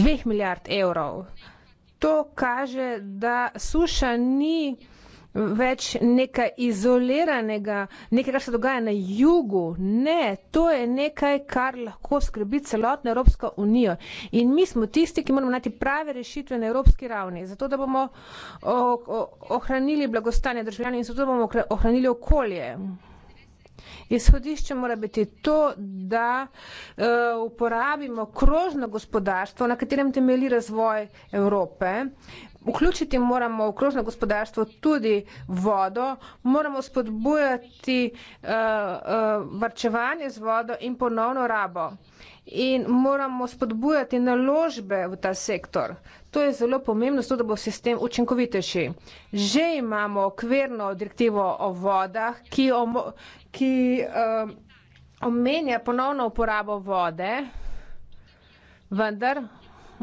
2 milijard evrov. To kaže, da suša ni več nekaj izoliranega, nekaj, kar se dogaja na jugu. Ne, to je nekaj, kar lahko skrbi celotna Evropska unija. In mi smo tisti, ki moramo najti prave rešitve na evropski ravni, zato da bomo ohranili blagostanje državljani in zato da bomo ohranili okolje. Izhodišče mora biti to, da uh, uporabimo krožno gospodarstvo, na katerem temelji razvoj Evrope, uh, Vključiti moramo v krožno gospodarstvo tudi vodo, moramo spodbujati uh, uh, varčevanje z vodo in ponovno rabo. In moramo spodbujati naložbe v ta sektor. To je zelo pomembno, zato da bo sistem učinkovitejši. Že imamo okvirno direktivo o vodah, ki, omo, ki um, omenja ponovno uporabo vode, vendar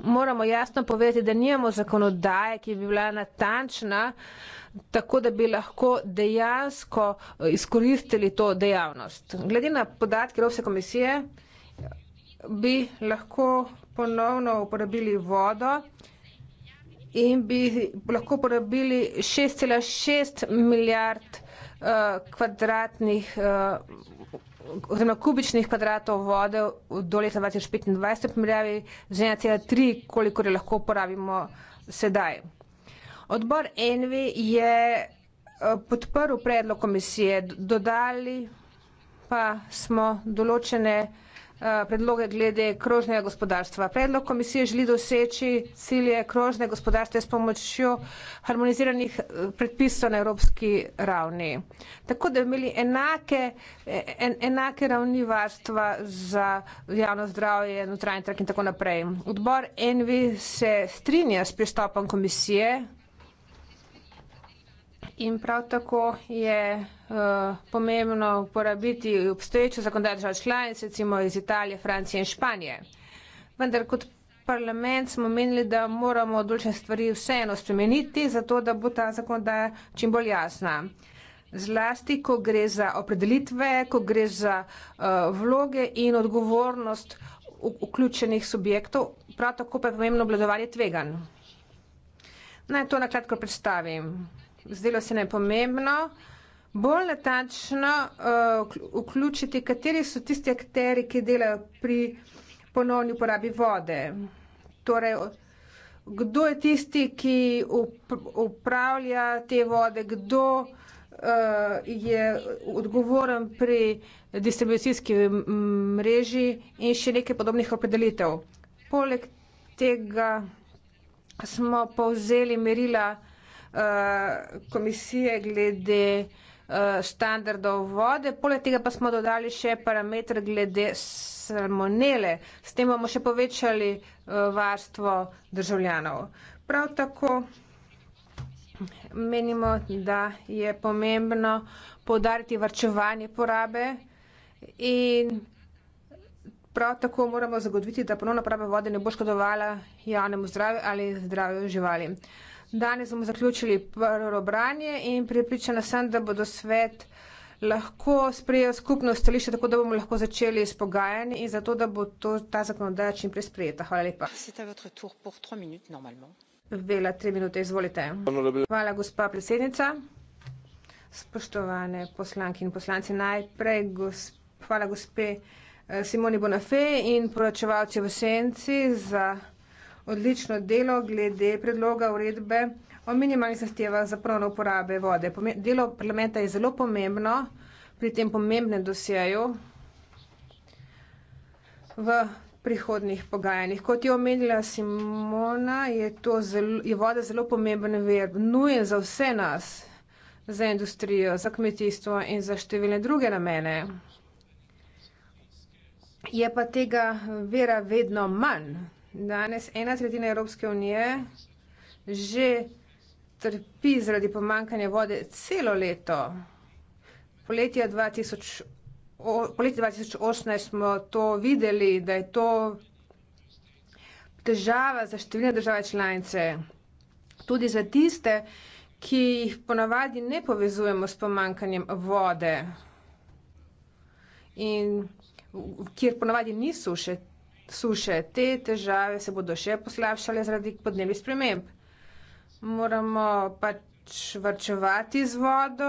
moramo jasno povedati, da nijemo zakonodaje, ki bi bila natančna, tako da bi lahko dejansko eh, izkoristili to dejavnost. Glede na podatke Evropske komisije bi lahko ponovno uporabili vodo in bi lahko uporabili 6,6 milijard uh, kvadratnih uh, oziroma kubičnih kvadratov vode do leta 2025 v primerjavi z 1,3, koliko je lahko uporabimo sedaj. Odbor Envi je eh, podprl predlog komisije, dodali pa smo določene Eh, predloge glede krožnega gospodarstva. Predlog komisije želi doseči cilje krožne gospodarstva s pomočjo harmoniziranih eh, predpisov na evropski ravni. Tako da bi imeli enake, eh, en, enake ravni varstva za javno zdravje, notranji trg in tako naprej. Odbor NV se strinja s pristopom komisije in prav tako je Eh, pomembno uporabiti obstoječo zakonodajo držav članic, recimo iz Italije, Francije in Španije. Vendar kot parlament smo menili, da moramo določene stvari vseeno spremeniti, zato da bo ta zakonodaja čim bolj jasna. Zlasti, ko gre za opredelitve, ko gre za uh, vloge in odgovornost vključenih subjektov, prav tako pa je pomembno obladovanje tvegan. Naj to na kratko predstavim. Zdelo se ne pomembno, uh, bolj natančno uh, vključiti, kateri so tisti akteri, ki delajo pri ponovni uporabi vode. Torej, kdo je tisti, ki upravlja te vode, kdo uh, je odgovoren pri distribucijski mreži in še nekaj podobnih opredelitev. Poleg tega smo povzeli merila uh, komisije glede uh, Eh, standardov vode. Poleg tega pa smo dodali še parametr glede salmonele. S tem bomo še povečali eh, varstvo državljanov. Prav tako menimo, da je pomembno podariti varčevanje porabe in prav tako moramo zagotoviti, da ponovna poraba vode ne bo škodovala javnemu zdravju ali zdravju živali. Danes bomo zaključili prvo branje in pripričana sem, da bodo svet lahko sprejel skupno stališče, tako da bomo lahko začeli s pogajanji in zato, da bo to, ta zakonodaja čim prej sprejeta. Hvala lepa. Vela, tri minute, izvolite. Hvala, gospa predsednica. Spoštovane poslanki in poslanci, najprej gosp, hvala gospe eh, Simoni Bonafe in poročevalci v senci za odlično delo glede predloga uredbe o minimalnih zahtevah za ponovno uporabo vode. Delo parlamenta je zelo pomembno pri tem pomembnem dosjeju v prihodnih pogajanjih. Kot je omenila Simona, je, zelo, je voda zelo pomemben ver, nujen za vse nas, za industrijo, za kmetijstvo in za številne druge namene. Je pa tega vera vedno manj. Danes ena tretjina Evropske unije že trpi zaradi pomankanja vode celo leto. Poletje 2018 smo to videli, da je to težava za številne države članice, tudi za tiste, ki jih ponavadi ne povezujemo s pomankanjem vode in kjer ponavadi niso še suše. Te težave se bodo še poslabšale zaradi podnebnih sprememb. Moramo pač vrčevati z vodo,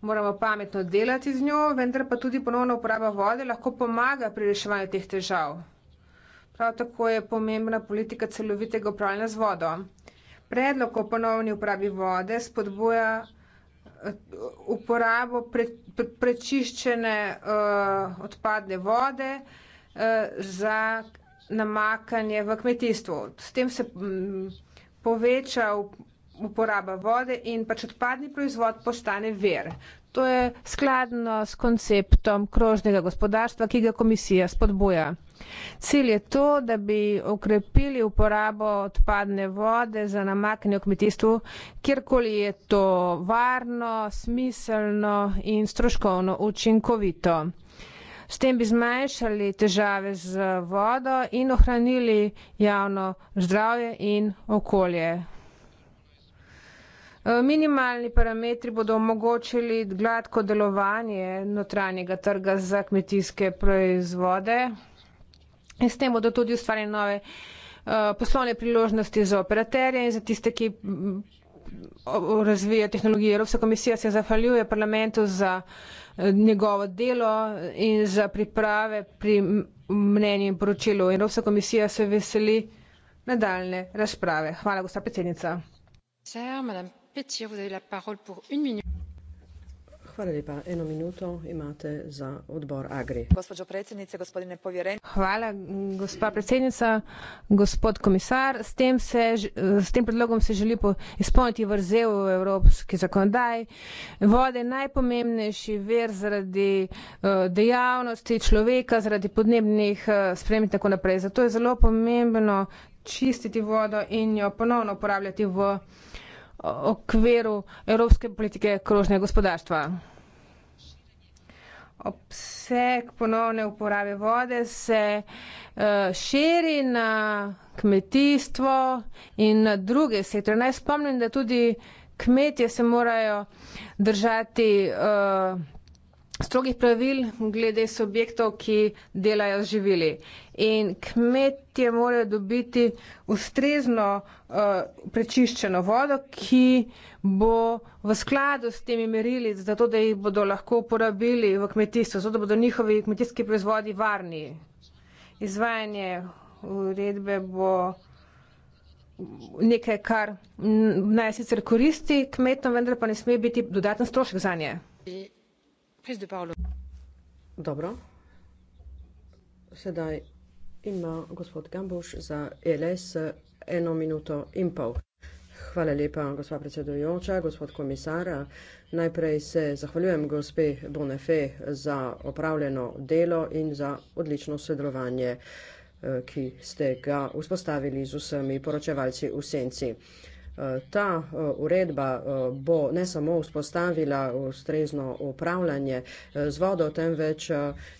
moramo pametno delati z njo, vendar pa tudi ponovna uporaba vode lahko pomaga pri reševanju teh težav. Prav tako je pomembna politika celovitega upravljanja z vodo. Predlog o ponovni uporabi vode spodboja eh, uporabo pre, pre, prečiščene uh, odpadne vode, uh, Eh, za namakanje v kmetijstvu. S tem se mm, poveča uporaba vode in pač odpadni proizvod postane ver. To je skladno s konceptom krožnega gospodarstva, ki ga komisija spodbuja. Cilj je to, da bi okrepili uporabo odpadne vode za namakanje v kmetijstvu, kjerkoli je to varno, smiselno in stroškovno učinkovito. S tem bi zmanjšali težave z vodo in ohranili javno zdravje in okolje. E, minimalni parametri bodo omogočili gladko delovanje notranjega trga za kmetijske proizvode in s tem bodo tudi ustvarjene nove e, poslovne priložnosti za operaterje in za tiste, ki razvijajo tehnologijo. Evropska komisija se zahvaljuje parlamentu za Eh, njegovo delo in za priprave pri mnenju in poročilu. Evropska komisija se veseli nadaljne razprave. Hvala, gospa predsednica. Hvala lepa. Eno minuto imate za odbor Agri. Gospodžo predsednice, gospodine povjeren. Hvala, gospa predsednica, gospod komisar. S tem, se, s tem predlogom se želi izpolniti vrzel v evropski zakonodaj. Vode je najpomembnejši ver zaradi eh, dejavnosti človeka, zaradi podnebnih eh, sprememb in tako naprej. Zato je zelo pomembno čistiti vodo in jo ponovno uporabljati v okviru evropske politike krožnega gospodarstva. Obseg ponovne uporabe vode se eh, širi na kmetijstvo in na druge sektore. Naj spomnim, da tudi kmetje se morajo držati uh, strogih pravil glede subjektov, ki delajo z živili. In kmetje morajo dobiti ustrezno uh, prečiščeno vodo, ki bo v skladu s temi merili, zato da jih bodo lahko uporabili v kmetijstvu, zato da bodo njihovi kmetijski proizvodi varni. Izvajanje uredbe bo nekaj, kar naj sicer koristi kmetom, vendar pa ne sme biti dodaten strošek za nje. Dobro. Sedaj ima gospod Gambuš za ELS eno minuto in pol. Hvala lepa, gospa predsedujoča, gospod komisara. Najprej se zahvaljujem gospe Bonefe za opravljeno delo in za odlično sodelovanje, ki ste ga vzpostavili z vsemi poročevalci v senci. Ta e, uredba e, bo ne samo vzpostavila ustrezno upravljanje e, z vodo, temveč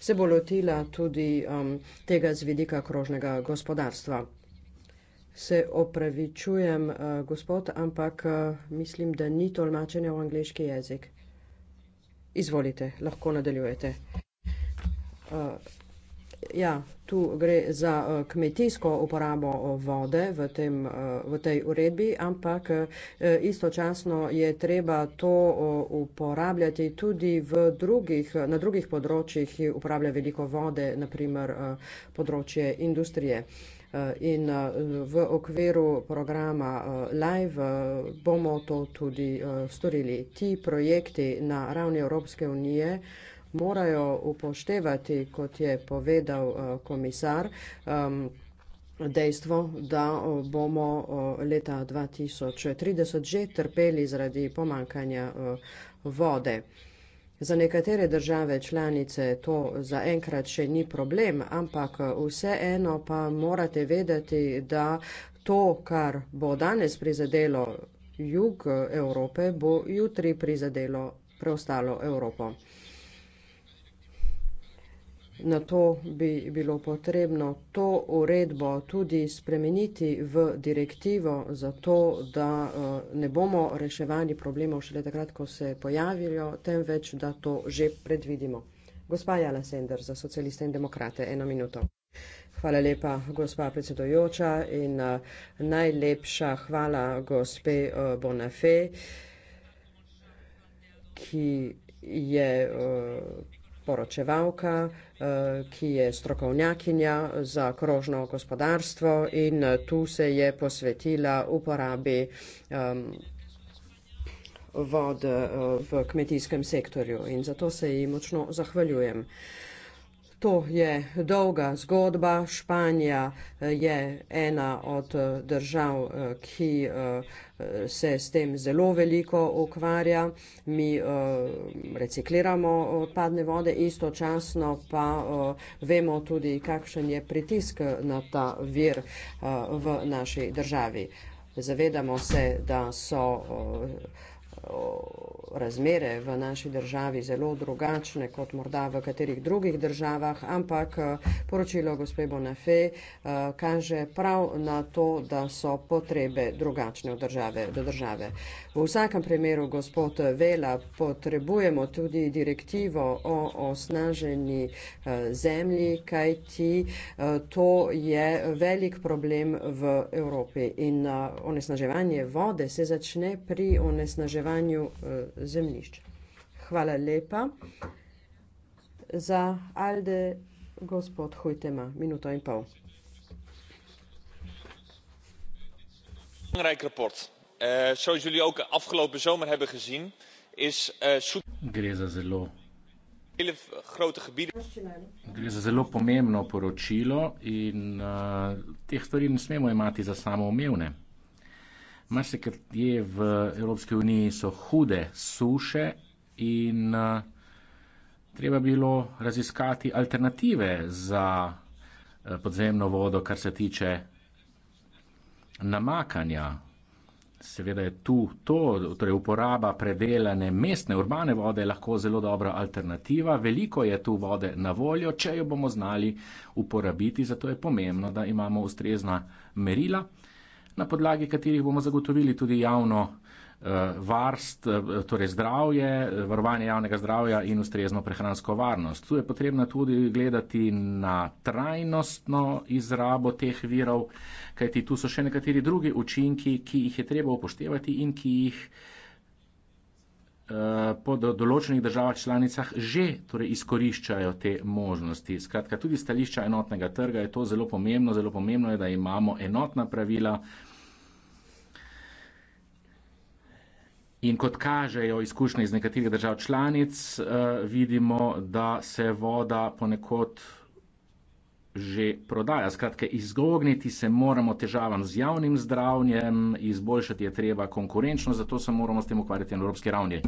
se bo lotila tudi tega z vidika krožnega gospodarstva. Se opravičujem, gospod, ampak mislim, da ni tolmačenja v angliški jezik. Izvolite, lahko nadaljujete. Ja, tu gre za eh, kmetijsko uporabo eh, vode v, tem, eh, v tej uredbi, ampak istočasno je treba to uporabljati tudi drugih, na drugih področjih, ki uporablja veliko vode, naprimer področje industrije. In v okviru programa Live bomo to tudi storili. Ti projekti na ravni Evropske unije morajo upoštevati, kot je povedal eh, komisar, dejstvo, da bomo leta 2030 že trpeli zaradi pomankanja eh, vode. Za nekatere države članice to zaenkrat še ni problem, ampak eh, vseeno pa morate vedeti, da to, kar bo danes prizadelo jug Evrope, bo jutri prizadelo preostalo Evropo. Na to bi bilo potrebno to uredbo tudi spremeniti v direktivo, zato da eh, ne bomo reševali problemov šele takrat, ko se pojavijo, temveč da to že predvidimo. Gospa Jana Sender za socialiste in demokrate, eno minuto. Hvala lepa, gospa predsedojoča in eh, najlepša hvala gospe eh, Bonafe, ki je poročevalka, eh, ki je strokovnjakinja za krožno gospodarstvo in eh, tu se je posvetila uporabi vode eh, v kmetijskem sektorju in zato se ji močno zahvaljujem. To je dolga zgodba. Španija eh, je ena od eh, držav, eh, ki se s tem zelo veliko ukvarja. Mi recikliramo odpadne vode, istočasno pa vemo tudi, kakšen je pritisk na ta vir v naši državi. Zavedamo se, da so razmere v naši državi zelo drugačne kot morda v katerih drugih državah, ampak eh, poročilo gospe Bonafé eh, kaže prav na to, da so potrebe drugačne od države do države. V vsakem primeru, gospod Vela, potrebujemo tudi direktivo o osnaženi eh, zemlji, kajti to je velik problem v Evropi in onesnaževanje vode se začne pri onesnaževanju zemljišč. Hvala lepa za Alde, gospod Hojtema, minuto in pol. Eh, eh, Gre za zelo Gre za zelo pomembno poročilo in uh, teh stvari ne smemo imeti za samoumevne. Marsikje v Evropski uniji so hude suše in eh, treba bilo raziskati alternative za eh, podzemno vodo, kar se tiče namakanja. Seveda je tu to, torej uporaba predelane mestne urbane vode lahko zelo dobra alternativa. Veliko je tu vode na voljo, če jo bomo znali uporabiti, zato je pomembno, da imamo ustrezna merila na podlagi katerih bomo zagotovili tudi javno eh, varst, eh, torej zdravje, varovanje javnega zdravja in ustrezno prehransko varnost. Tu je potrebno tudi gledati na trajnostno izrabo teh virov, kajti tu so še nekateri drugi učinki, ki jih je treba upoštevati in ki jih Eh, po določenih državah članicah že torej, izkoriščajo te možnosti. Skratka, tudi stališča enotnega trga je to zelo pomembno. Zelo pomembno je, da imamo enotna pravila. In kot kažejo izkušnje iz nekaterih držav članic, eh, vidimo, da se voda ponekod že prodaja. Skratka, izogniti se moramo težavam z javnim zdravljenjem, izboljšati je treba konkurenčnost, zato se moramo s tem ukvarjati na evropski ravni.